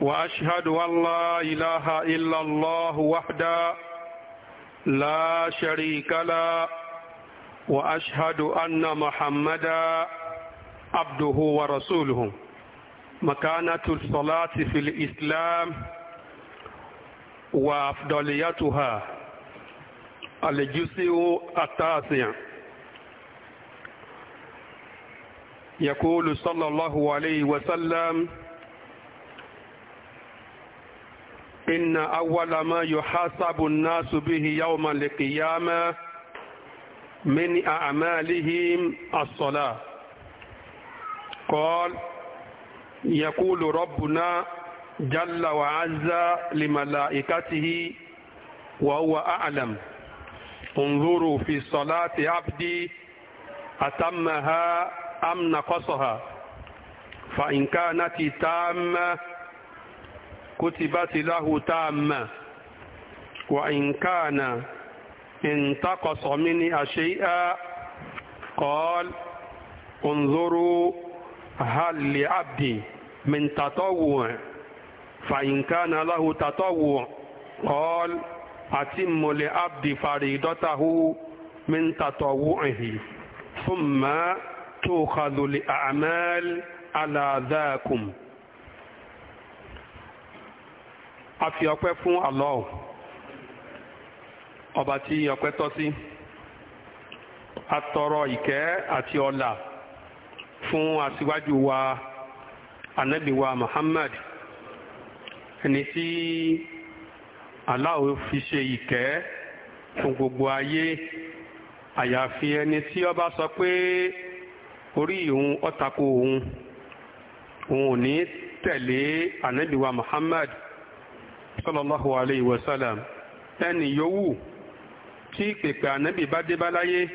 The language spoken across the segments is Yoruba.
وأشهد أن لا إله إلا الله وحده لا شريك له وأشهد أن محمدا عبده ورسوله مكانة الصلاة في الإسلام وأفضليتها الجزء التاسع يقول صلى الله عليه وسلم إن أول ما يحاسب الناس به يوم القيامة من أعمالهم الصلاة قال يقول ربنا جل وعز لملائكته وهو أعلم انظروا في صلاة عبدي أتمها أم نقصها فإن كانت تامة كتبت له تامة وإن كان انتقص مني أشيئا قال انظروا هل لعبدي من تطوع فإن كان له تطوع قال أتم لعبد فريضته من تطوعه ثم تؤخذ الأعمال على ذاكم a fi ọpẹ́ fún Allah ọba tí ọpẹ́ tọ́ sí a tọrọ ìkẹ́ àti ọlà fún aṣíwájú wa ànábì Muhammad ẹni tí Allah fi ṣe ìkẹ́ fún gbogbo ayé àyàfi ẹni tí ó bá sọ pé orí òun ó òun òun ò ní tẹ̀lé ànábì Muhammad sallallahu alayhi wa sallam ẹni yòówù tí ìpèpè ànábì bá dé bá láyé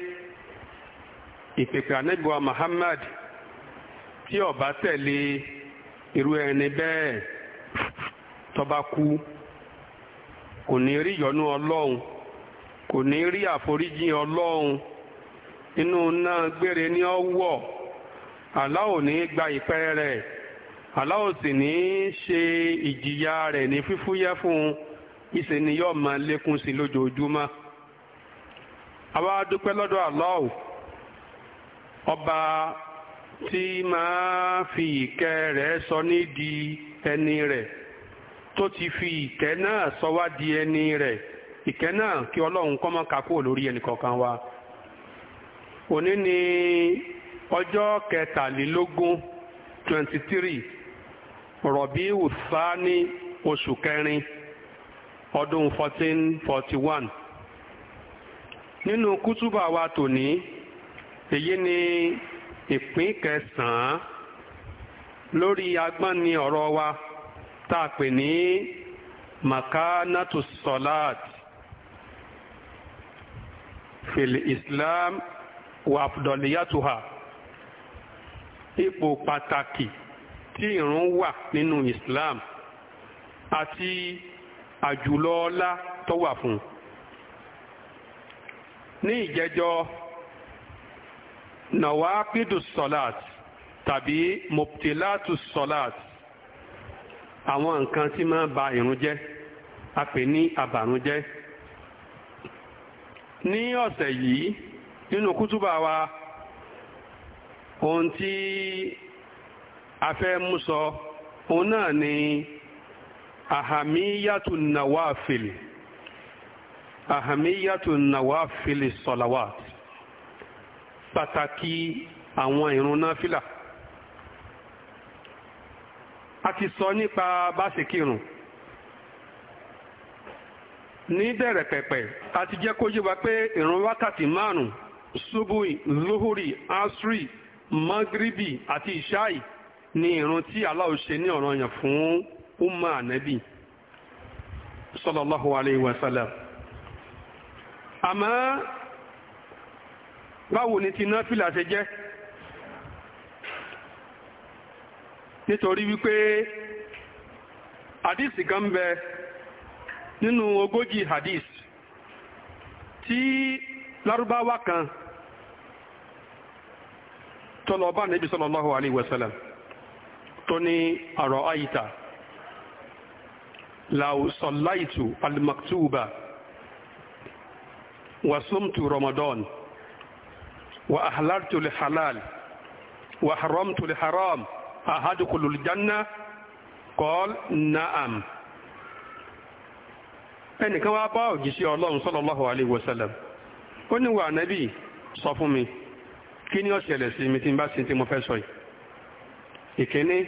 ìpèpè ànábì wa Muhammad tí ọba bá tẹ̀lé irú ẹni bẹ́ẹ̀ tó bá kú kò ní rí ìyọ́nú ọlọ́run kò ní rí àforíjì ọlọ́run inú náà gbére ní ọwọ́ àlá ò ní gba ìpẹ́ rẹ̀. Allah sì ní í ṣe ìjìyà rẹ̀ ní fífúyẹ́ fún un ìṣe ni yóò máa lékún sí lójoojúmọ́ lọ́dọ̀ ọba tí máa fi ìkẹ́ rẹ̀ sọ ní di ẹni rẹ̀ tó ti fi ìkẹ́ náà sọ wá di ẹni rẹ̀ ìkẹ́ náà kí ọlọ́run kọ́ máa ẹnìkọ̀ọ̀kan wa òní ni ọjọ́ kẹtàlélógún twenty three rọ̀bí ùsá ní oṣù kẹrin ọdún 1441 nínú kútúbà wa tòní èyí ni ìpín kẹsàn-án lórí agbọ́n ni ọ̀rọ̀ wa tá a pè ní makanatu salat fil islam wa afdoliyatuha ipò pàtàkì tí ìrun wà nínú Islam àti àjùlọ ọlá tó wà fún un ní ìjẹjọ nàwápídù sọláàt tàbí mọ̀pítìlátù sọláàt àwọn nǹkan tí máa ba ìrun jẹ́ a pè ní àbàrúnjẹ́ ní ọ̀sẹ̀ yìí nínú kútúbà wa ohun tí afẹ́ mú sọ òun náà ni ahamiyatu nawafil ahamiyatu nawafil salawat pàtàkì àwọn ìrun náfìlà a ti sọ nípa báṣekírun ní bẹ̀rẹ̀ pẹ̀pẹ̀ a ti jẹ́ kó yé pé ìrun wákàtí márùn-ún subui zuhuri asri magribi àti ishai ni ìrun tí Allah ṣe ní ọ̀ranyàn fún umma anabi sallallahu alaihi wasallam. sallam àmọ́ báwo ni ti náfìlà ṣe jẹ́ nítorí wípé hadith kan bẹ nínú ogójì hadith tí lárúbáwá kan tọ́lọ̀ bá Ànábì sallallahu alayhi wa tó ní àrọ̀ àyíta làwùsọ̀láìtù alimaktuba wàsúmtù ramadan wà àhàlártù lè halal wà haramtù lè haram àhádùkùlù janna kọ́l na'am ẹnìkan wá bá òjíṣẹ́ ọlọ́run sallallahu alaihi wasallam ó ní wà sọ fún mi kí ni ó sí mi tí n bá sin tí mo fẹ́ sọ yìí ìkíní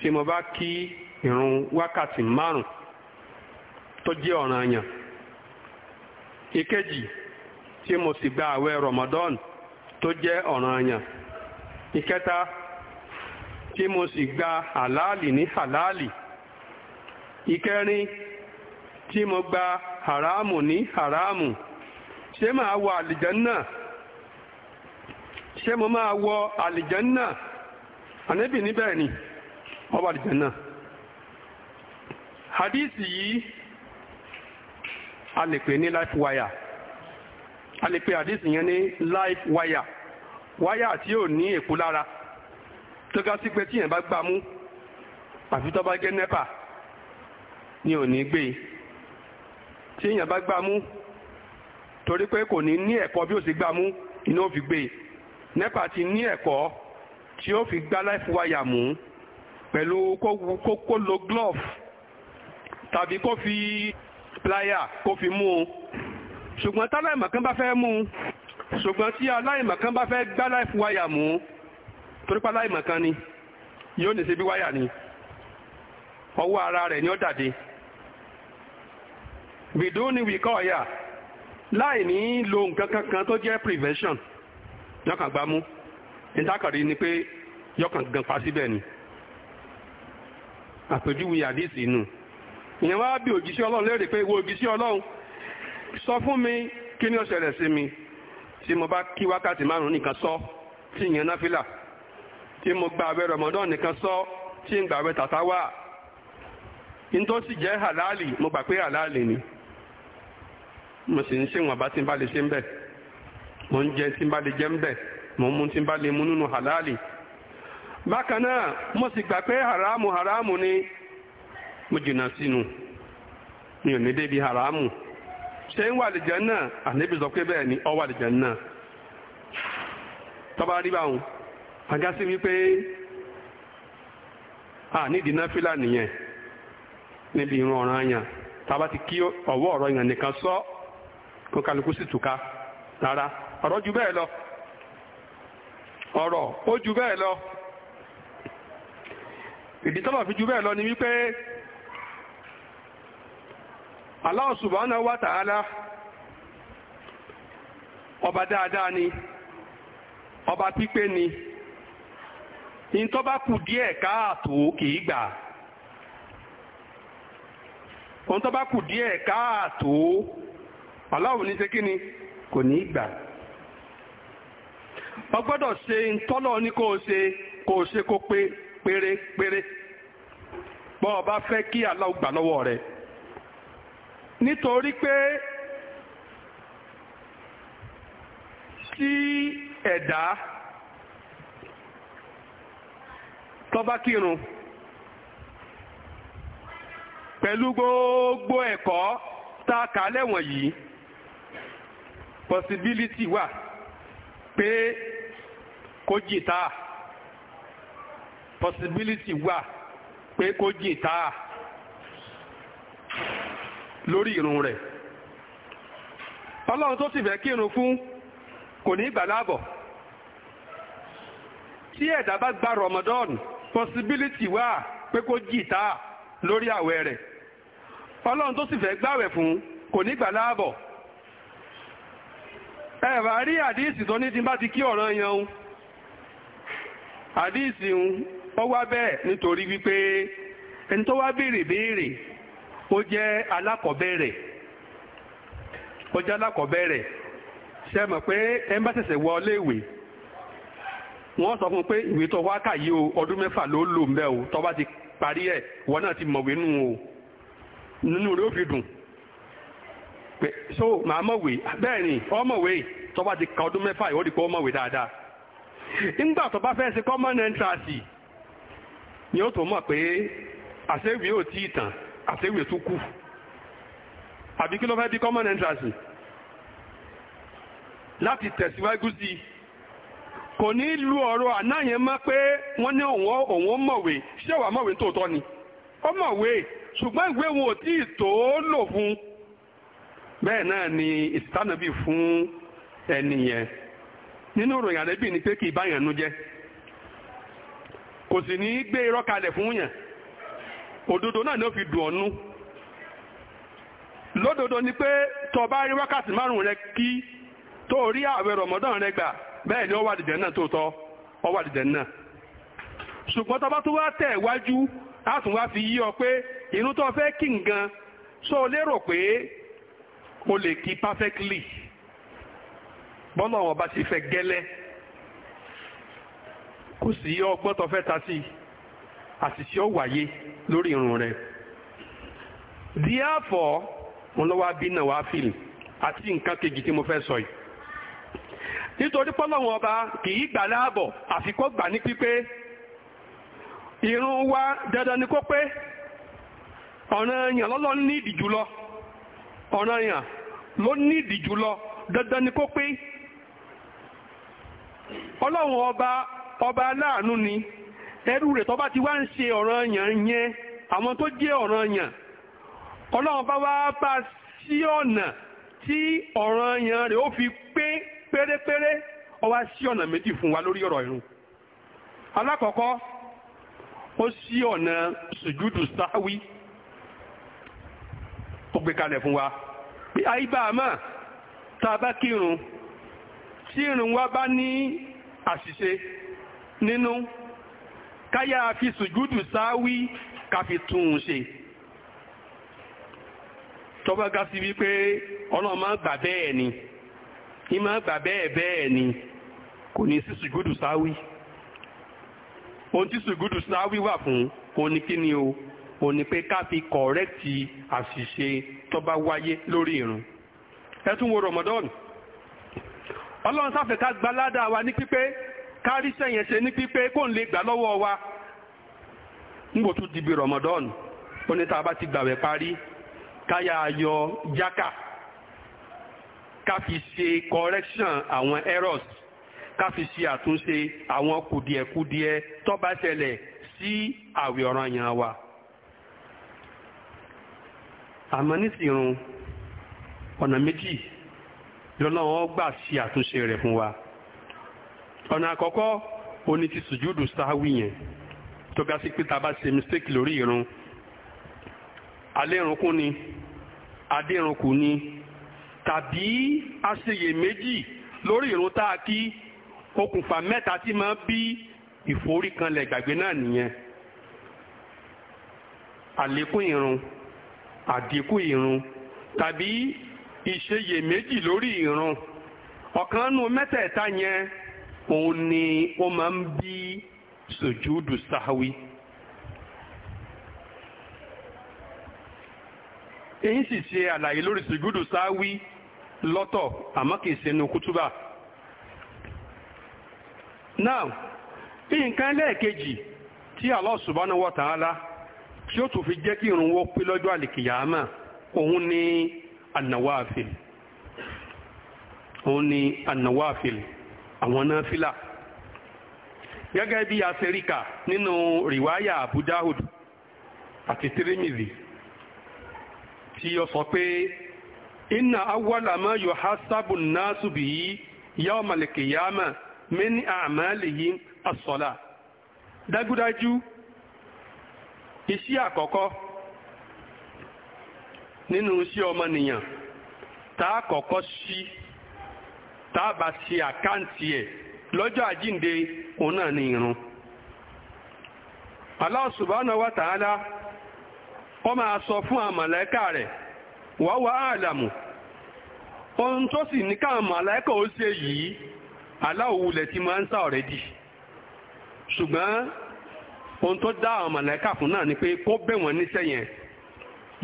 tí mo bá kí wakati wákàtí márùn tó jẹ́ ọ̀ranyàn ikeji tí mo sì gba awe Ramadan tó jẹ́ ọ̀ranyàn ìkẹta tí mo sì gba àlàálì ní àlàálì ìkẹrin tí mo gba haramu ní haramu ṣé màá wọ àlìjánná ṣé mo máa wọ àlìjánná. ànábì níbẹ̀ ni wọ́n wà lìjẹ́ náà hadisi yìí a lè pè ní life wire a lè pè hadisi yẹn ní life wire wire tí ò ní èkó lára tó ga sí pé tí yẹn bá gbà mú àfi tó bá gé nẹ́pà ni ò ní gbé tí yẹn bá gbà mú torí pé kò ní ní ẹ̀kọ́ bí ó sì gbà mú iná ó fi gbé nẹ́pà ti ní ẹ̀kọ́ tí ó fi gbá life wire mú pẹ̀lú kó lo glove tàbí kó fi plier kó fi mú un ṣùgbọ́n tá aláìmọ̀kan bá fẹ́ mú un ṣùgbọ́n tí aláìmọ̀kan bá fẹ́ gbá life wire mú un torípa aláìmọ̀kan ni yóò ní ṣe bí wáyà ni ọwọ́ ara rẹ̀ ni ó dàde bìdó ni wìkọ́ ọ̀yà láì ní lo nǹkan kankan tó jẹ́ prevention lọ́kàn gbámú ìdákàrí ni pé yọkàn gan pa síbẹ̀ ni àpèjúwe àdéhìsì inú ìyẹn wá bí òjíṣẹ́ ọlọ́run léèrè pé wo òjíṣẹ́ ọlọ́run sọ fún mi kí ni ó ṣẹlẹ̀ sí mi tí mo bá kí wákàtí márùn nìkan sọ tí ìyẹn náfìlà tí mo gba àwẹ̀ rọmọdán nìkan sọ tí ń gbàwẹ̀ tàtà wà ní tó jẹ́ hàlálì mo gbà pé hàlálì ni mo sì ń ṣèwọ̀n bá tí ń bá lè ṣe ń bẹ̀ mo ń jẹ tí ń bá lè jẹ ń bẹ̀ mo mú tí n bá lè mú nínú halali bákan náà sì gbà pé haramu haramu ni mo jìnnà sínú mi ò ní débi haramu ṣé ń wà lìjẹ́ náà àlébi pé bẹ́ẹ̀ ni ọ wà lìjẹ́ náà tọ́ba rí báwọn àga sí wípé a nídìí náà fílà nìyẹn níbi ìran ọ̀ràn àyàn tàbá ti kí ọwọ́ ọ̀rọ̀ yàn nìkan sọ kó kálukú sì túká rárá ọ̀rọ̀ ju bẹ́ẹ̀ lọ. ọ̀rọ̀ ó ju bẹ́ẹ̀ lọ ìdí tọ́lọ̀ fi ju bẹ́ẹ̀ lọ ni wípé Allah subhanahu wa ta'ala ọba dáadáa ni ọba pípé ni in tó bá kù díẹ̀ káàtó kìí gbà ohun tó kù díẹ̀ káàtó Allah ní ṣe ni kò ní gbà o gbọ́dọ̀ ṣe ntọ́lọ̀ ní kò ṣe kó ṣe kó pé pérépéré bọ́ ọ bá fẹ́ kí Allah gbà lọ́wọ́ rẹ̀ nítorí pé tí ẹ̀dá tọ́ba kírun pẹ̀lú gbogbo ẹ̀kọ́ tá a kà lẹ́wọ̀n yìí possibility wà pé kó jìtá possibility wà pé kó jìtá lórí irun rẹ̀ ọlọ́run tó sì fẹ́ kírun fún kò ní ìgbà láàbọ̀ tí ẹ̀dá bá gba Ramadan possibility wà pé kó taa lórí àwẹ̀ rẹ̀ ọlọ́run tó sì fẹ́ gbàwẹ̀ fún kò ní ìgbà láàbọ̀ ẹ̀rà rí àdíìsì tó ní ti bá ti kí ọ̀ràn yan àdíìsì ń ó wá bẹ́ẹ̀ nítorí wípé ẹni tó wá bèèrè béèrè ó jẹ́ alákọ̀ọ́bẹ̀rẹ̀ ó jẹ́ alákọ̀ọ́bẹ̀rẹ̀ ṣe mọ̀ pé ẹ ń bá ṣẹ̀ṣẹ̀ wọ ilé ìwé wọ́n sọ fún pé ìwé tó wá kà o ọdún mẹ́fà ló lò ń bẹ́ o tó bá ti parí ẹ̀ wọ́n náà ti mọ̀wé nù o nínú rẹ̀ ó fi dùn so màá mọ̀wé bẹ́ẹ̀ ni ọmọwé tó bá ti ka ọdún mẹ́fà yìí ó di pé ọmọwé dáadáa nígbà tó bá fẹ́ sí common entrance ni ó tó mọ̀ pé àṣewì ò tí ì tàn tó kù àbí kí ló fẹ́ di common entrance láti tẹ̀síwájú sí kò ní pe ọ̀rọ̀ ni mọ́ pé wọ́n ní òun mọ̀wé ṣẹ́wàá mọ̀wé tòótọ́ ni ó mọ̀wé ṣùgbọ́n ìwé wọn ò tí tó lò fún bẹ́ẹ̀ náà ni fún nínú ìròyìn àrẹ́bì ni pé kì í báyàn nú jẹ́ kò sì ní í gbé irọ́ kalẹ̀ fún yàn òdodo náà ni ó fi dùn ọ́nú lódodo ni pé tó bá rí wákàtí márùn-ún rẹ kí tó rí àwẹ̀ rọ̀mọ́dán rẹ gbà bẹ́ẹ̀ ni ó wà dìjẹ́ náà tó tọ́ ó wà dìjẹ́ náà ṣùgbọ́n tó bá tó wá tẹ̀ wájú á tún wá fi yí ọ pé inú tó fẹ́ kí nǹkan sọ lérò pé o lè kí perfectly bọ́lá wọn ti fẹ́ gẹ́lẹ́ kò sí ọgbọ́n tó fẹ́ ta sí àṣìṣe ó lórí irun rẹ̀ díàfọ̀ wọn lọ́wọ́ abínà wá fìlì àti nǹkan kejì tí mo fẹ́ sọ yìí nítorí wọn ọba kì í gbà láàbọ̀ àfikọ́ gbà ní pípé irun wa dandan ni kó pé ọ̀ranyàn lọ́lọ́ ní ìdí ọlọ́run ọba ọba aláàánú ni ẹrú rẹ̀ tó bá ti wá ń ṣe ọ̀ranyàn yẹn àwọn tó jẹ́ ọ̀ranyàn ọlọ́run bá wá bá sí ọ̀nà tí ọ̀ranyàn rẹ̀ ó fi pé pérépéré ó wá sí ọ̀nà méjì fún wa lórí ọ̀rọ̀ ìrun alákọ̀ọ́kọ́ ó sí ọ̀nà sùjúdù sáwí ó gbé kalẹ̀ fún wa bí àyíbá tá a bá kírun tí ìrun wa bá ní àṣìṣe nínú káyà fi sùjúdù sáwí káfi tún un ṣe tọ́gbà ga sí wípé ọlọ́run máa gbà bẹ́ẹ̀ ni ní máa gbà bẹ́ẹ̀ bẹ́ẹ̀ ni kò ní sí sùjúdù sáwí ohun tí sùjúdù sáwí wà fún òun ni kí o ó ní pé ká kọ̀rẹ́tì àṣìṣe tó wáyé lórí ìrun ẹ tún wo Ramadan ọlọ́run sáfẹ́ ká gba ládàá wa ní pípé káríṣẹ́ yẹn ṣe ní pípé kó ń lè gbà lọ́wọ́ wa nígbò tún dibi Ramadan ó ní tá a bá ti gbàwẹ̀ parí káyà yọ jákà ká fi ṣe correction àwọn errors ká fi ṣe àtúnṣe àwọn kùdìẹ̀kùdìẹ tó bá ṣẹlẹ̀ sí àwẹ̀ ọ̀ranyàn wa. àmọ́ nísìnyìí ọ̀nà méjì lọ́lọ́wọ́ gbà ṣe àtúnṣe rẹ̀ fún wa ọ̀nà àkọ́kọ́ oní ti sùjúdù sáwì yẹn tó ga sí pé ta bá ṣe mistake lórí irun alẹ́runkún ni adẹ́runkún ni tàbí aṣeyèméjì lórí irun tá a kí okùnfà mẹ́ta tí máa bí ìforíkanlẹ̀ gbàgbé náà nìyẹn àlékún irun àdínkù irun tàbí ìṣeyèméjì lórí ìrun ọ̀kan nínú mẹ́tẹ̀ẹ̀ta yẹn òun ni ó máa ń bí sùjúdù sáháwí. èyí sì ṣe àlàyé lórí sùjúdù sáháwí lọ́tọ̀ àmọ́ kìí ṣe inú kútúbà. now nǹkan lẹ́ẹ̀kejì tí Allah subhanahu wa ta'ala tí ó tún fi jẹ́ kí irun wó pé lọ́jọ́ àlìkìyàmà òun ni anawafil òun ni anawafil àwọn náfìlà gẹ́gẹ́ bí aserika nínú rìwáyà Abu Dawud àti Tirmidhi tí ó sọ pé inna awwala ma yuhasabu nnasu bihi yawm al-qiyamah min a'malihim as-salah dájúdájú iṣẹ́ àkọ́kọ́ nínú sí ọmọnìyàn tá a kọ̀kọ́ sí tá a bá ṣe àkáǹtì ẹ̀ lọ́jọ́ àjínde òun náà ni irun. Allah wa ta'ala ọ máa sọ fún àmàlẹ́kà rẹ̀ wa huwa a'lamu ohun tó sì ní káwọn màláìkà ó ṣe yìí aláwòwulẹ̀ ti máa ń sá ṣùgbọ́n ohun tó dá fún náà ni pé kó bẹ̀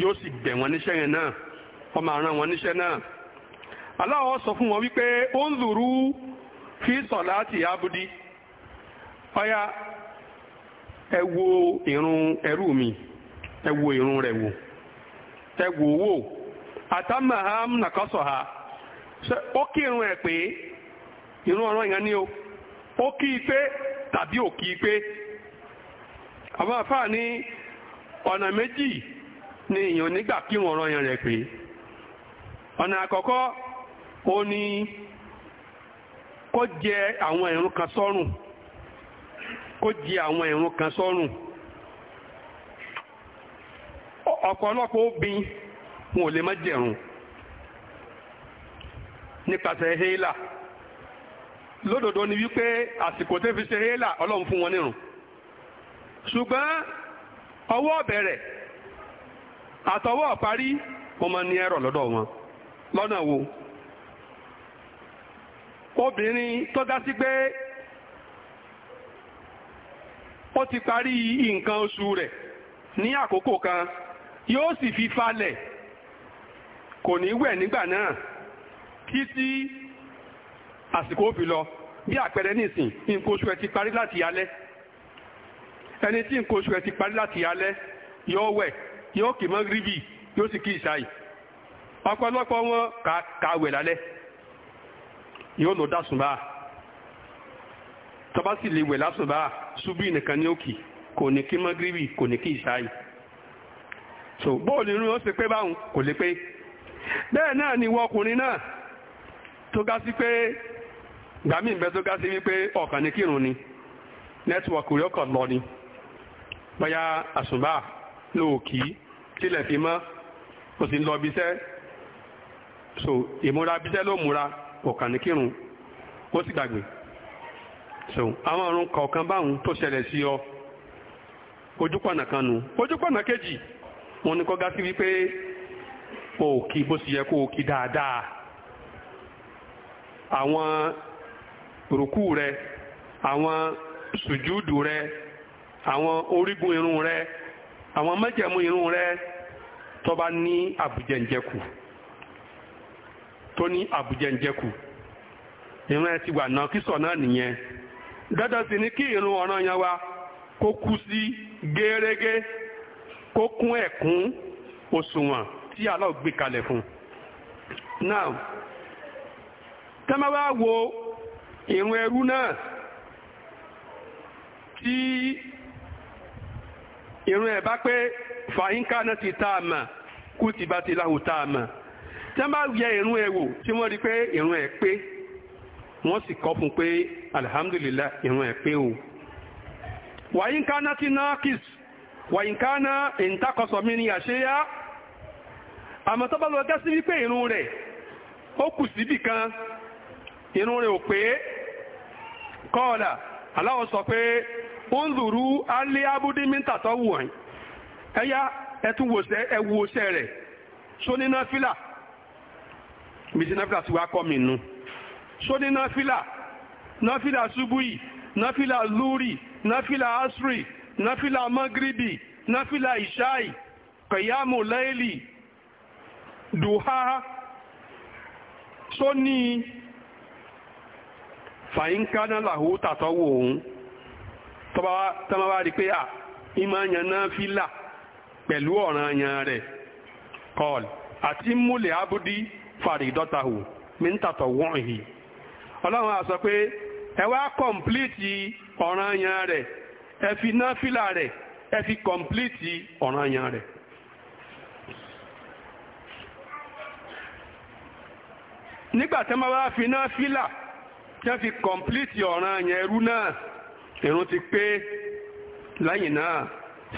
yóò sì bẹ̀ wọ́n níṣẹ́ yẹn náà wọ́n máa níṣẹ́ náà aláwọ̀ sọ fún wọn wípé ó ń zùrú fi sọ̀láàtì abudi ọya ẹ wo ẹrú mi ẹ wo ìrun rẹ̀ wò ẹ wò wò ha ó kí ẹ̀ pé irun ọ̀rọ̀ yẹn ni o ó kí i pé tàbí kí ni èèyàn nígbà kí wọ́n rán yẹn rẹ̀ pé ọ̀nà àkọ́kọ́ o ni kó jẹ àwọn ìrun kan sọ́rùn kó jẹ àwọn ìrun kan sọ́rùn ọ̀pọ̀lọpọ̀ wọn ò lè ni wípé fi ṣe hélà ọlọ́run fún wọn ṣùgbọ́n ọwọ́ àtọwọ́ parí wọ́n máa ní ẹrọ lọ́dọ̀ wọn lọ́nà wo obìnrin tó dá sí pé ó ti parí nǹkan oṣù rẹ̀ ní àkókò kan yóò sì fi falẹ̀ kò ní wẹ̀ nígbà náà títí àsìkò òfin lọ bí àpẹẹrẹ nísìn nǹkan oṣù ẹ ti parí láti alẹ́ ẹni tí nǹkan oṣù ẹ ti parí láti alẹ́ yóò wẹ̀ yóò kì mọ́ gíríbì yóò sì kí ìṣáì ọ̀pọ̀lọpọ̀ wọn kàwẹ̀ lálẹ́ yóò lọ dásùn báà tọ́bá sì lè wẹ̀ lásùn báà ṣubú nìkan ní òkì kò ní kí mọ́ gíríbì kò ní kí ìṣáì so bóòlù irun ó ṣe pé báwọn kò lè pé bẹ́ẹ̀ náà ni wọ́n ọkùnrin náà tó ga sí pé gbàmí ìbẹ́ tó ga sí wípé ọ̀kan ní kírun ni nẹ́tíwọ̀kì rẹ̀ ọkọ̀ lọ ni bóyá àsùnbáà lóòkì tílẹ̀ fi mọ́ o sì lọ bíṣẹ́ so ìmúra bíṣẹ́ ló múra ọ̀kàn ní kírun ó sì gbàgbé so àwọn ọ̀run kọ̀ọ̀kan báwọn tó ṣẹlẹ̀ sí ọ ojúpọ̀nà kan nu ojúpọ̀nà kejì wọn ni kọ́ gá sí wípé òkì bó sì yẹ kó òkì dáadáa àwọn rùkú rẹ àwọn sùjúdù rẹ àwọn orígun irun rẹ àwọn mẹ́jẹ̀mú irun rẹ tó bá ní àbùjẹ̀ǹjẹ̀kù tó ní àbùjẹ̀ǹjẹ̀kù irun ẹ ti wà náà kí kísọ̀ náà nìyẹn dandan sì ni kí irun ọ̀ràn yẹn wa kó kú sí gẹ́rẹ́gẹ́ kó kún ẹ̀kún òṣùwọ̀n tí aláwọ̀ gbé kalẹ̀ fún now tẹ́mẹ́wàá wo irun ẹrú náà tí irun ẹ̀ bá pé fàyínká náà ti tá a mà kú ti bá ti láhùn tá a mà tí wọ́n bá yẹ irun ẹ̀ wò tí wọ́n rí pé irun ẹ̀ pé wọ́n sì kọ́ fún pé alihamudulilayi irun ẹ̀ pé o. wàyínká náà ti ná kìs wàyínká náà ìntakọ̀sọ̀ mi ni àṣeyá àmọ́ tó bá lọ dá sí wípé irun rẹ̀ ó kù síbì kan irun ò pé kọ́ọ̀là aláwọ̀ sọ pé. onzuru alẹ́ abúdí mínta tó wù ọ̀yìn ẹ̀yà ẹ̀tún ẹ̀wù oṣẹ́ rẹ̀ sóníná fílà bíi náfílà ti wá kọ́ mi nù sóní náfílà náfílà ṣubúì náfílà lúrì náfílà asri náfílà magribi náfílà ìṣáì kẹ̀yàmù láìlì dùhá sóní fàyínkánà làhú tàtọ́wò òun tọ́ba wá rí pé à ìmọ̀ yan náà fílà pẹ̀lú ọ̀ràn yan rẹ̀ kọ́ọ̀lù àti múlẹ̀ abúdí fàrídọ́tàhù mínítàtọ̀ wọ́n yìí ọlọ́run á sọ pé ẹ wá kọ̀m̀plìtì ọ̀ràn yan rẹ̀ ẹ fi náà fílà rẹ̀ ẹ fi kọ̀m̀plìtì ọ̀ràn yan rẹ̀. nígbà tí wọ́n bá fi náà fílà tí wọ́n fi kọ̀m̀plìtì ọ̀ràn yan ẹrú náà ìrún ti pé lẹ́yìn náà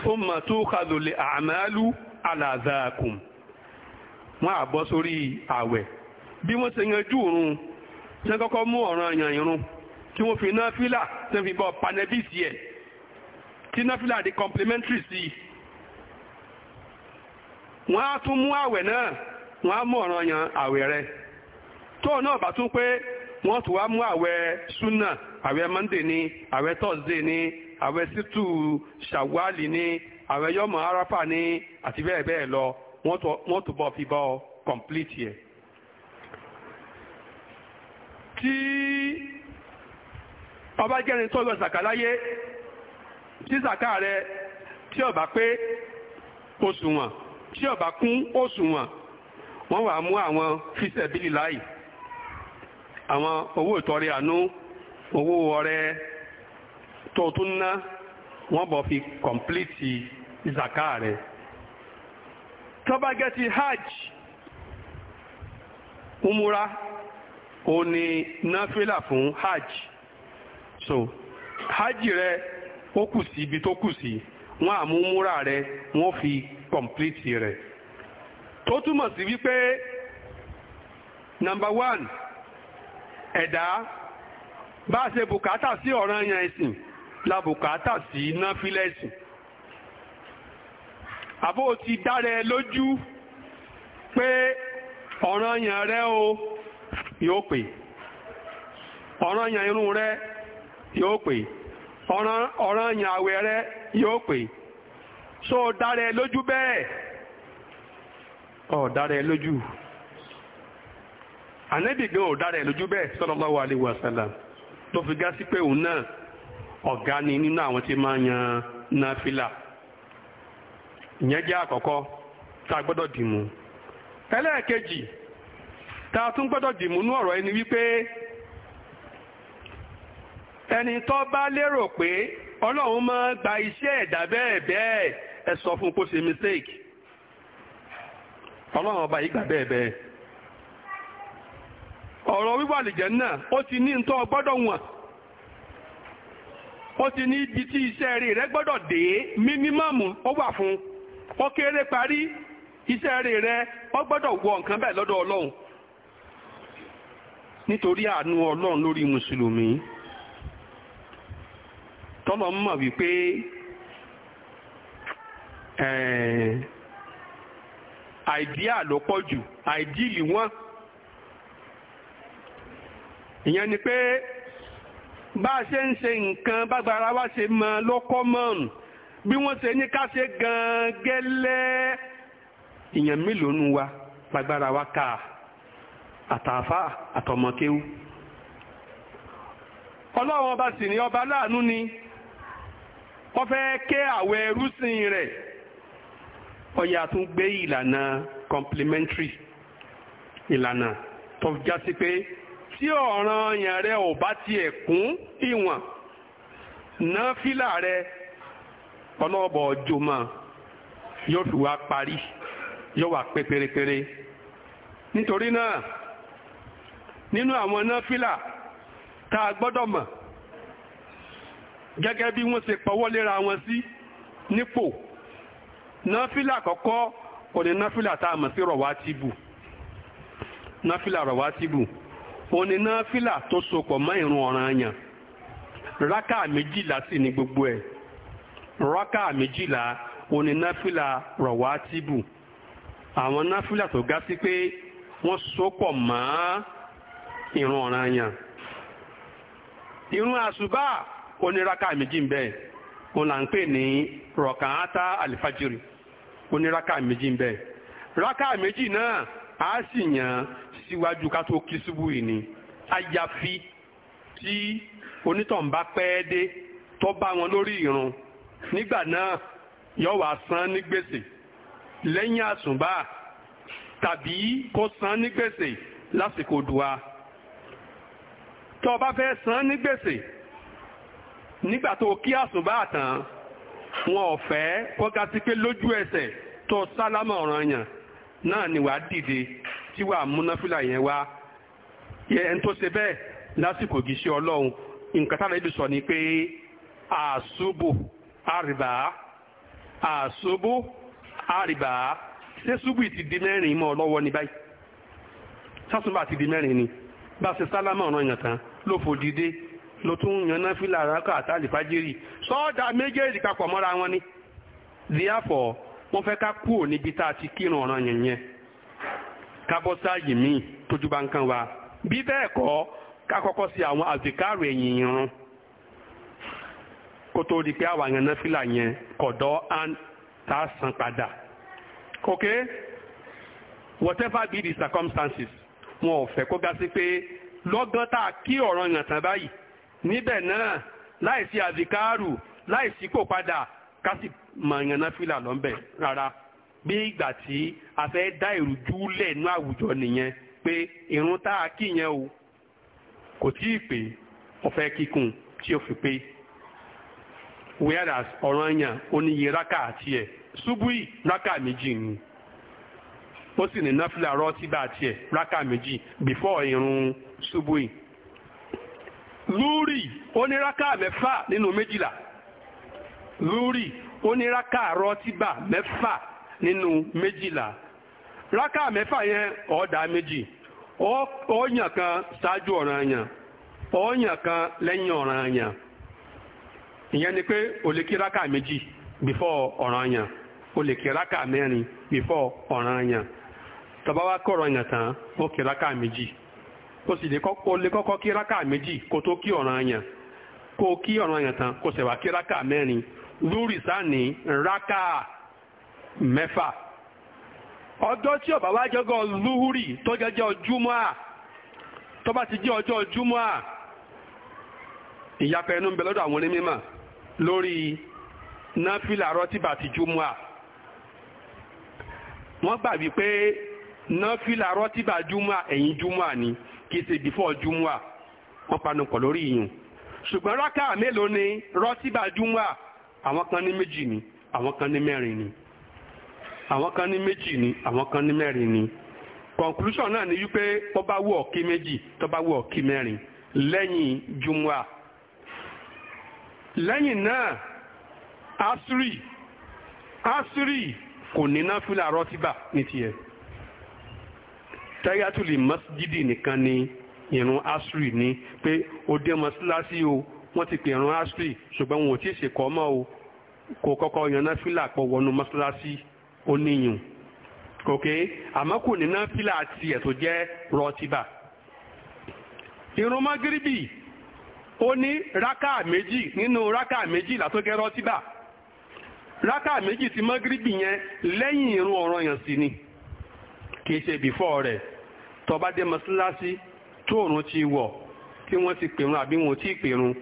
thumma tukhadhu li a'malu ala dhaakum wọ́n á bọ́ sórí àwẹ̀ bí wọ́n ti yanjú òrun tí wọ́n kọ́kọ́ mú ọ̀ràn yàn irun tí wọ́n fi náfìlà tí wọ́n fi bọ́ panẹ́bìsì ẹ̀ tí náfìlà di complementary sí i wọ́n á tún mú àwẹ̀ náà wọ́n á mú ọ̀ràn yàn àwẹ̀ rẹ̀ tóun náà bá tún pé wọ́n tún wá mú àwẹ̀ súnà àwẹ̀ monday ni àwẹ̀ thursday ni àwẹ̀ situ shawali ni àwẹ̀ yọmọ arapa ni àti bẹ́ẹ̀ bẹ́ẹ̀ lọ wọ́n tún bọ̀ fi bọ́ complete yẹ. tí ọba jẹ́rin tó lọ zaka láyé tí zaka rẹ tí ó bá pé òṣùwọ̀n tí ó bá kún òṣùwọ̀n wọ́n wá mú àwọn fisẹ̀ bílí láyìí àwọn owó ìtọrẹ àánú owó ọrẹ tó tún ná wọ́n bọ̀ fi kọ̀m̀plìtì zaka rẹ̀ tó bá jẹ́ ti hajj umura ó ní náfílà fún hajj so hajj rẹ ó kù sí ibi tó kù sí wọ́n àmú umura rẹ wọ́n fi kọ̀m̀plìtì rẹ̀ tó túmọ̀ sí wípé number one ẹ̀dá bá a ṣe bùkátà sí ọ̀ràn yẹn ẹ̀sìn la bùkátà sí náfílẹ̀ ẹ̀sìn àbó ti dára ẹ lójú pé ọ̀ràn yẹn rẹ o yóò pè ọ̀ràn yẹn irun rẹ yóò pè ọ̀ràn àwẹ̀ rẹ yóò pè so dára ẹ lójú bẹ́ẹ̀ ọ̀ dára ànábì gan ò dára ẹ̀ lójú bẹ́ẹ̀ sallallahu alaihi wasallam tó fi gá sí pé òun náà ọ̀gá ni nínú àwọn tí máa yan na ìyẹn jẹ́ àkọ́kọ́ tá a gbọ́dọ̀ dìmú ẹlẹ́ẹ̀kejì tá a tún gbọ́dọ̀ dìmú ọ̀rọ̀ ẹni wípé ẹni tó bá lérò pé ọlọ́run máa gba iṣẹ́ ẹ̀dá bẹ́ẹ̀ bẹ́ẹ̀ ẹ sọ fún kó mistake ọlọ́run ọba yìí gbà ọ̀rọ̀ wíwà lìjẹ́ náà ó ti ní ntọ́ gbọ́dọ̀ wọn ó ti ní ibi tí iṣẹ́ rẹ̀ rẹ̀ gbọ́dọ̀ dé mínímọ̀mù ó wà fún ó kéré parí iṣẹ́ rẹ̀ rẹ̀ ó gbọ́dọ̀ wọ nǹkan bẹ́ẹ̀ lọ́dọ̀ ọlọ́run nítorí àánú ọlọ́run lórí mùsùlùmí tọ́lọ̀ mọ̀ wípé àìdíà ló pọ̀ jù àìdíìlì wọn. ìyẹn ni pé bá a ṣe ń ṣe nǹkan bágbára wa ṣe mọ ló kọ́ mọ́ọ̀nù bí wọ́n ṣe ní ká ṣe gan gẹ́lẹ́ ìyẹn mélòó nu wa lágbára wa ká àtàfà àtọmọkéwú ọlọ́run ọba sì ni ọba láàánú ni wọ́n fẹ́ ké àwẹ̀ ẹrúsìn rẹ̀ ọyà tún gbé ìlànà complementary ìlànà tó já sí pé tí ọ̀ràn yàn rẹ ò bá tiẹ̀ kún ìwọ̀n náfìlà rẹ ọlọ́ọ̀bọ̀ jọmọ́ yóò fi wá parí yóò wá pé pérépéré nítorí náà nínú àwọn náfìlà tá a gbọ́dọ̀ mọ̀ gẹ́gẹ́ bí wọ́n ṣe pọ̀wọ́ léra wọn sí nípò náfìlà kọ́kọ́ òní náfìlà tá a mọ̀ sí rọ̀wá tìbù náfìlà rọ̀wá tìbù. òní náfìlà tó sopọ̀ mọ́ ìrun ọ̀ranyàn rákà méjìlá sí ni gbogbo ẹ̀ rákà méjìlá òní náfìlà rọ̀wátìbù àwọn náfìlà tó ga sí pé wọ́n sopọ̀ mọ́ irun ọ̀ranyàn ìrun àṣùbà Asuba, rákà méjì ń bẹ òun là ń pè ní rọ̀kàn átá àlìfájìrì òní rákà méjì ń bẹ rákà méjì náà. a sì yàn síwájú ká tó kí ṣubú yìí ni àyàfi tí onítàn bá pẹ́ dé tó bá wọn lórí ìrun nígbà náà yóò wá san ní gbèsè lẹ́yìn àsùnbà tàbí kó san ní gbèsè lásìkò dùá tó bá fẹ́ san ní gbèsè nígbà tó kí àsùnbà tán wọn ò fẹ́ kó ga sí pé lójú ẹsẹ̀ tó sálámà ọ̀ranyàn náà ni wàá dìde tí wàá mú náfìlà yẹn wá ẹni tó ṣe bẹ́ẹ̀ lásìkò gíṣẹ́ ọlọ́run nǹkan táwọn ibi sọ ni pé àṣubù àrìbá àṣubù àrìbá ṣé ṣubù ti di mẹ́rin mọ́ ọ lọ́wọ́ ní báyìí sásùnbà ti di mẹ́rin ni bá ṣe sálámà ọ̀nà ìyàn tán ló fò dìde ló tún yan náfìlà rákà àtàlì fájírì méjèèjì papọ̀ mọ́ra wọn ni therefore wọ́n fẹ́ ká kúrò níbi tá a ti kírun ọ̀ràn yẹn yẹn ká bọ́ sáàyè míì tójú bá ń kàn wá bí bẹ́ẹ̀ kọ́ ká kọ́kọ́ sí àwọn àzìkárò ẹ̀yìn irun kó tó di pé àwọn àyàn náà fìlà yẹn kọ̀dọ̀ á tá san padà ok whatever be the circumstances wọn ò fẹ́ kó ga sí pé lọ́gán tá a kí ọ̀ràn yàn tán báyìí níbẹ̀ náà láìsí àzìkárù láìsí kò padà kasi mọ̀nyàn náà fìlà lọ́nbẹ̀ rárá bí ìgbà tí a fẹ́ dá ìrújú lẹ̀ nú àwùjọ nìyẹn pé irun tá a kí yẹn o kò tí ì pé ó fẹ́ kíkùn tí ó fi pé whereas ọ̀ràn yàn oníye rákà àti ṣubúì rákà méjì ni ó sì ní náfìlà rọ́tíbà àti ẹ̀ rákà méjì before irun ṣubúì lúrì ó ní rákà mẹ́fà nínú méjìlá lúrì ó ní rákà rọtíbà mẹ́fà nínú méjìlá rákà mẹ́fà yẹn ọ̀ọ́dà méjì ọ̀ọ́yàn kan ṣáájú ọ̀ràn yàn ọ̀ọ́yàn kan lẹ́yìn ọ̀ràn yàn ìyẹn ni pé ó lè kí rákà méjì before ọ̀ràn yàn ó lè kí rákà mẹ́rin before ọ̀ràn yàn tán ó kí rákà méjì sì lè kọ́kọ́ kí rákà méjì kó tó kí ọ̀ràn kó kí ọ̀ràn tán kó kí rákà lúrì sáni rákà mẹ́fà ọjọ́ tí ọ̀bá wá jọ́gọ́ lúhùrì tó jẹ́jọ́ júmọ́ à tó bá ti jẹ́ ọjọ́ júmọ́ à ìyapẹ̀ ẹnu ń àwọn onímọ̀ lórí náfìlà rọ́tìbà ti júmọ́ à wọ́n gbà wípé náfìlà rọ́tìbà júmọ́ à ẹ̀yìn júmọ́ à ni kì í ṣe bífọ́ júmọ́ à wọ́n panupọ̀ lórí ìyún ṣùgbọ́n rákà mélòó ni rọ́tìbà júmọ́ à àwọn kan ní méjì ni àwọn kan ní mẹ́rin ni àwọn kan ní méjì ni àwọn kan ní mẹ́rin ni conclusion náà ni wípé tó bá wù ọ́ kí méjì tó bá wù ọ́ kí mẹ́rin lẹ́yìn jumua lẹ́yìn náà asiri asiri kò ní náfìlà rọtíbà ní tiẹ̀ tayatul masjidi nìkan ni ìrun asiri ni pé ó dé mọ́sálásí o wọ́n ti pèrún asri ṣùgbọ́n wọn ò tí ì ṣèkọ́ mọ́ o kò kọ́kọ́ yan náfìlà pọ̀ wọnú mọ́ṣáláṣí oníyùn ok àmọ́ kò ní náfìlà tiẹ̀ tó jẹ́ rọtíbà. ìrun mọ́gíríbì ó ní rákà méjì nínú rákà méjì látọ́gẹ́ rọtíbà rákà méjì ti mọ́gíríbì yẹn lẹ́yìn ìrun ọ̀ranyàn sí ni kì í ṣe bìfọ́ rẹ̀ tó bá dé mọ́ṣáláṣí tóòrùn ti wọ̀ tí wọ́n ti pèrún àbí wọn ò tí ì pèrún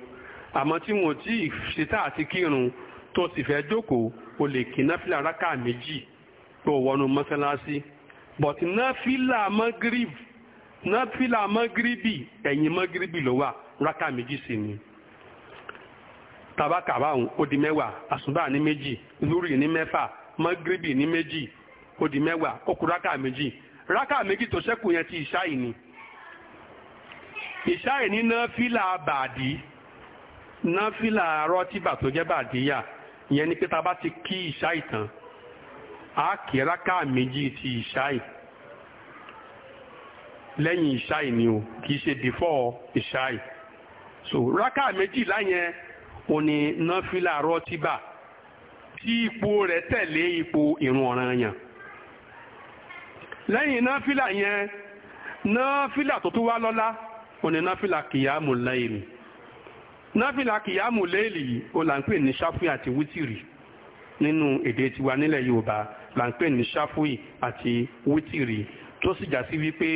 àmọ́ tí wọn ò tí ì ṣetá àti kírun tó sì fẹ́ jókòó o lè kí náfìlà rákà méjì tó wọnú mọ́sálásí but náfìlà mọ́gírìb náfìlà mọ́gírìbì ẹ̀yìn mọ́gírìbì ló wà rákà méjì sí ni tabaka báwọn odi di mẹ́wàá àsùnbà ní méjì lórí ní mẹ́fà mọ́gírìbì ní méjì ó di mẹ́wàá ó kù rákà méjì rákà méjì tó ṣẹ́kù yẹn ti ìṣáì ni ìṣáì ní náfìlà bàdí náfìlà àárọ̀ tíbà tó jẹ́ bàdíyà ìyẹn ni pé ta bá ti kí ìṣá ìtàn á kí rákà méjì ti ìṣá ì lẹ́yìn ìṣá ni o kì í ṣe before ìṣá so rákà méjì láyẹn ò ní náfìlà àárọ̀ tíbà tí ipò rẹ̀ tẹ̀lé ipò ìrun ọ̀ranyàn lẹ́yìn náfìlà yẹn náfìlà tó tún wá lọ́lá ò ní náfìlà kìyàmù láyìn náfìlà kìyàmù léèlì ó là ń pè ní ṣáfì àti wítìrì nínú èdè tiwa nílẹ̀ yorùbá là ń pè ní ṣáfì àti wítìrì tó sì já sí wípé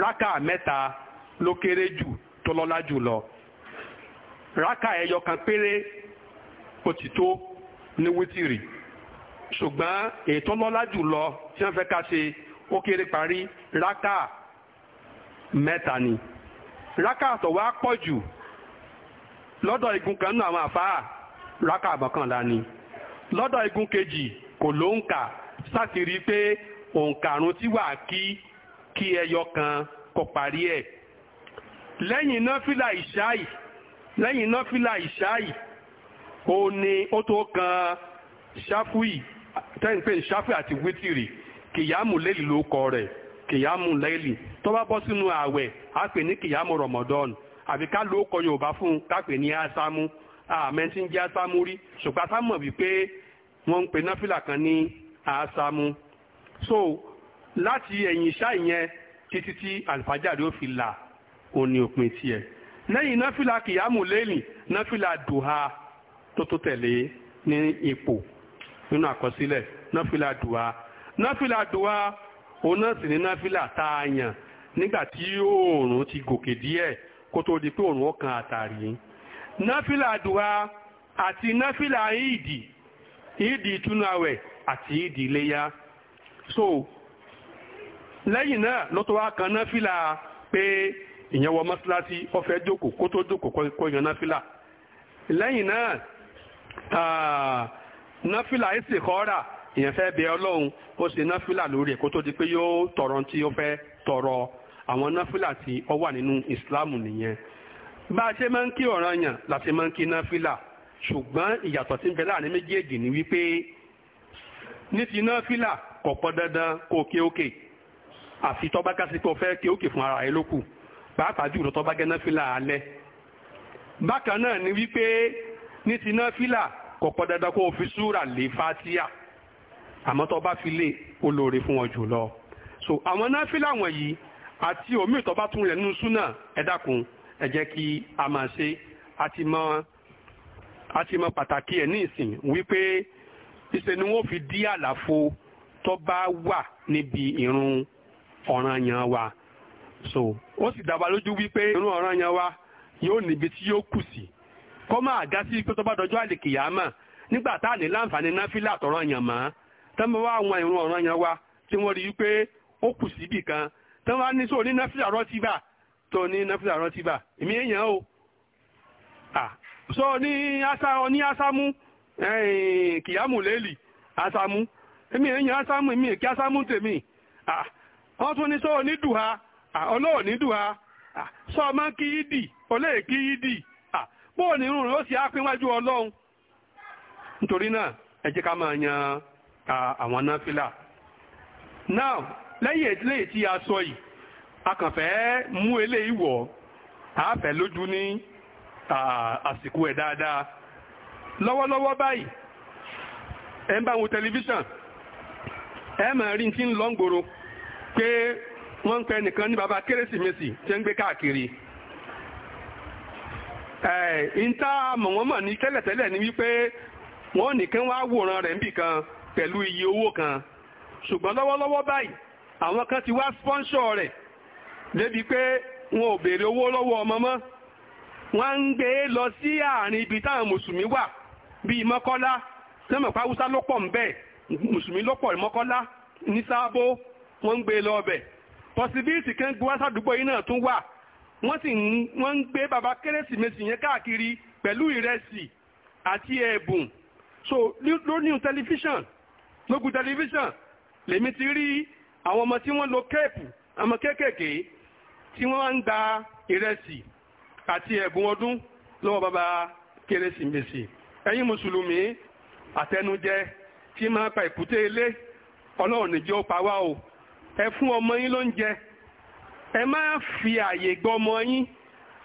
rákà mẹ́ta ló kéré jù tó lọ́lá jù lọ rákà ẹyọ kan péré ó ti tó ní wítìrì ṣùgbọ́n ètò lọ́lá jùlọ tí wọ́n fẹ́ ká ṣe ó kéré parí rákà mẹ́ta ni rákà tó wá pọ̀ jù lọ́dọ̀ igun kan náà àwọn àfáà rákà mọ́kànlá ni lọ́dọ̀ igun kejì kò ló ń kà sátìrí pé òǹkàrún tí wà kí kí ẹyọ kan kó parí ẹ̀ lẹ́yìn náfìlà ìṣáì lẹ́yìn náfìlà ìṣáì ó ní ó tó kan ṣáfùì tẹ́ǹpé ṣáfùì àti wítìrì kìyàmù lẹ́lì ló kọ rẹ̀ kìyàmù lẹ́lì tó bá bọ́ sínú ààwẹ̀ á pè ní kìyàmù rọ̀mọ̀dọ́nù àbí ká ló kọ yorùbá fún un kápẹ́ ní ásámú àmẹ́ tí ń jẹ́ ásámú rí ṣùgbọ́n ká mọ̀ wípé wọ́n ń pe náfìlà kan ní ásámú so láti ẹ̀yìn iṣá ìyẹn títí tí àlùfájàre ó fi là òun ni òpin tiẹ̀ lẹ́yìn náfìlà kìyàmù lẹ́lì náfìlà dùhà tó tó tẹ̀lé ní ipò nínú àkọsílẹ̀ náfìlà dùhà náfìlà dùhà òun náà sì ní náfìlà tá nígbà tí oòrùn ti gòkè díẹ̀ kó tó di pé òun ó kan àtàrí náfìlà dùhà àti náfìlà ìdì ìdì ìtúnú àwẹ̀ àti ìdì iléyá so lẹ́yìn náà ló tó wá kan náfìlà pé ìyẹn wọ mọ́sálásí ó fẹ́ jókòó kó tó jókòó kó yan náfìlà lẹ́yìn náà náfìlà ìsìkọ́ra ìyẹn fẹ́ bẹ ọlọ́run ó ṣe náfìlà lórí ẹ̀ tó di pé yóò tọrọ tí ó fẹ́ tọrọ àwọn náfìlà tí ó wà nínú ìsìláàmù nìyẹn bá ṣe máa ń kí ọ̀ranyàn la ṣe máa ń kí náfìlà ṣùgbọ́n ìyàtọ̀ tí ń bẹ láàrin méjèèjì ni wípé ní ti náfìlà kò pọn dandan kó kí òkè àfi tó bá kásí pé o fẹ́ kí òkè fún ara rẹ lókù pàápàá jùlọ tó bá gẹ́ náfìlà alẹ́ bákan náà ni wípé ní ti náfìlà kò pọn dandan kó o fi súrà lé fátíà àmọ́ tó bá fi lé olóore fún wọn jùlọ so àwọn náfìlà wọ̀nyí àti omi ìtọ́ba tún rẹ̀ nínú súnà ẹ dákun ẹ jẹ́ kí a máa ṣe àti mọ àti mọ pàtàkì ẹ̀ ní ìsìn wípé ìṣe ni wọ́n fi dí àlàfo tó bá wà níbi ìrun ọ̀ranyàn wa so ó sì dá wa lójú wípé ìrun ọ̀ranyàn wa yóò níbi tí yóò kù sí kọ́ máa ga sí pé tó bá dọjọ́ àlèkìyàmọ̀ nígbà tá à ní láǹfààní náfìlà àtọ̀ranyàn mọ́ tẹ́mọ́ wá àwọn ìrun ọ̀ranyàn wa tí wọ́n rí i ó kù síbì kan tó bá ní sóò ní nọ́fìlà rọ́tí bá tó ní nọ́fìlà rọ́tí bá èmi èèyàn o so ní asa ní asámú kìyàmù lélì asámú èmi èèyàn asámú èmi èkí asámú tèmi wọ́n tún ní sóò ní dùhà dùhà sọ ọmọ kí yí dì kí yí dì bóò ní irun sì á pín wájú ọlọ́run nítorí náà ẹ jẹ́ ká máa yan àwọn lẹ́yìn eléyìí tí a sọ yìí akànfẹ́ mú eléyìí ìwọ̀ a fẹ́ lójú ní àsìkò ẹ̀ dáadáa lọ́wọ́lọ́wọ́ báyìí ẹ̀ ń bá wo tẹlifíṣàn ẹ̀ máa rí ti ń lọ pé wọ́n ń pẹ́ nìkan ní baba kérésìmesì tí ń gbé káàkiri ní tẹ́lẹ̀tẹ́lẹ̀ ni wípé wọ́n nìkan wá wòran rẹ̀ kan pẹ̀lú iye owó kan ṣùgbọ́n lọ́wọ́lọ́wọ́ báyìí àwọn kan ti wá spọ́nṣọ̀ rẹ̀ débi pé wọn ò béèrè owó lọ́wọ́ ọmọ mọ́ wọ́n ń gbé e lọ sí àárín ibi táwọn mùsùlùmí wà bíi mọ́kọ́lá sẹ́mọ̀ pàwùsá ló pọ̀ ńbẹ̀ mùsùlùmí ló pọ̀ mọ́kọ́lá ní sábó wọ́n ń gbé e lọ ọbẹ̀ pọ̀sibíìtì kan gbé wá sádùúgbò yìí náà tún wà wọ́n sì wọ́n ń gbé bàbá kérésìmesì yẹn káàkiri pẹ̀lú ìrẹsì àti ẹ̀bùn so lónìí tẹlifíṣàn lógun tẹlifíṣàn lèmi ti rí àwọn ọmọ tí wọ́n lo kéèpù ọmọ kéékèèké tí wọ́n ń gba ìrẹsì àti ẹ̀bùn ọdún lọ́wọ́ bàbá kérésìmesì ẹ̀yin mùsùlùmí àtẹnujẹ tí máa pa ìkúté ilé ọlọ́run níjọ́ pa wá o ẹ fún ọmọ yín lóúnjẹ ẹ má fi àyè gbọ́ ọmọ yín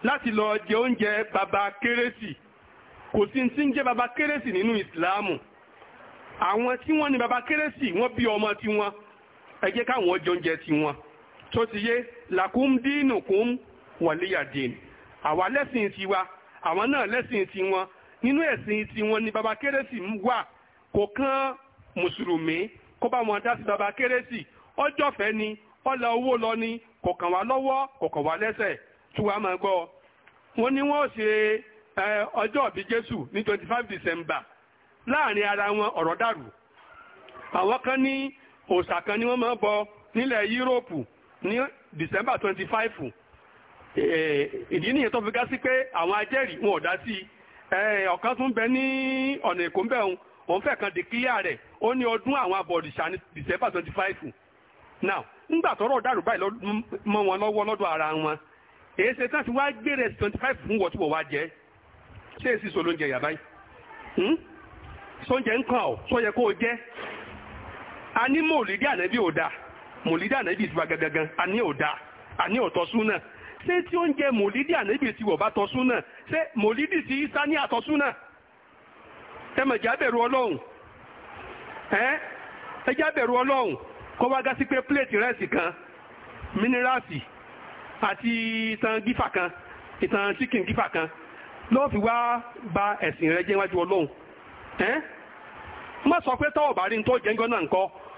láti lọ jẹ oúnjẹ bàbá kérésì kò sí ti ń jẹ́ bàbá kérésì nínú ìsìláàmù àwọn tí wọ́n ní bàbá kérésì wọ́n bí ọmọ tiwọn ẹ jẹ́ káwọn jọ ń jẹ ti wọn tó ti yé làkúm dínú kún wọ̀líyà dín àwa lẹ́sìn tiwa àwọn náà lẹ́sìn tiwọn nínú ẹ̀sìn tiwọn ni baba kérésì wà kò kán mùsùlùmí kó bá wọn dá sí baba kérésì ọjọ́fẹ́ ni ọlọ owó lọ ni kò kàn wá lọ́wọ́ kò kàn wá lẹ́sẹ̀ tí wàá máa gbọ́ wọn ni wọn ṣe ọjọ́ ìbí jésù ní twenty five december láàrin ara wọn ọ̀rọ̀ dàrú àwọn kan ní òsà kan ni wọ́n máa bọ nílẹ̀ yúróòpù ní december twenty five eh, ìdí nìyẹn tó pé àwọn ajẹ́rìí wọn ò dá eh, ọ̀kan tún bẹ ní ọ̀nà èkó ń bẹ̀ òun rẹ̀ ó ní ọdún àwọn abọ̀dìṣà ní december twenty five now ńgbà báyìí wọn lọ́wọ́ lọ́dọ̀ ara wọn èyí ṣe fún wọ́n ani molidi anabi o da molidi anabi ti ba gagagan ani o da ani o tosuna se ti o nje molidi anabi ti wo ba tosuna se molidi ti isa ni atosuna e ma jaberu olohun eh e jaberu olohun ko wa ga si pe plate rice kan minerals ati tan gifa kan itan chicken gifa kan lo fi wa ba esin re je waju olohun eh ma so pe to ba ri n na nko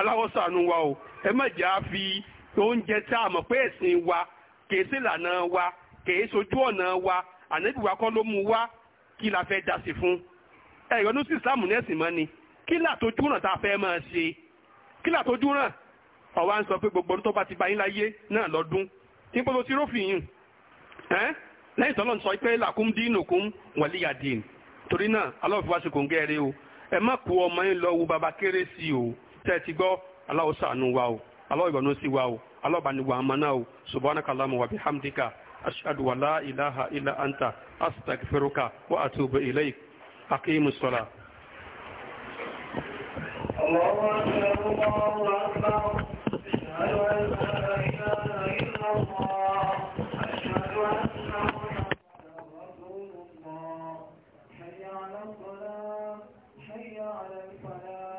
aláwọ̀ ṣàánú wa o ẹ má jà á fi oúnjẹ tá a mọ̀ pé ẹ̀sìn wa kèé sí ìlànà wa kèé sojú ọ̀nà wa ànábì wa kọ́ ló mú wa kí la fẹ́ dá sí fún ẹ ìyọnu sí ìsìlámù ní ẹ̀sìn mọ́ ni kí là tó dúràn tá a fẹ́ máa ṣe kí là tó dúràn ọ̀wá ń sọ pé gbogbo ọdún tó bá ti bá yín láyé náà lọ́dún nípa tó ti rófin yìí ẹ́ lẹ́yìn tọ́lọ́ ń sọ pé làkúm dínukum wàlíyà dín torí náà aláwọ̀ fi wá sí o ẹ má kó ọmọ yín lọ wo baba kérésì o tẹ́ ẹ ti gbọ́ Allah ó ṣàánú wa o Allah ìbọ̀nú sí wa o Allah bá ní wa àmà náà o subhanaka Allahumma wa bihamdika ashhadu an la ilaha illa anta astaghfiruka wa atubu ilayk aqimu ssalah. الله أكبر الله أكبر أشهد أن لا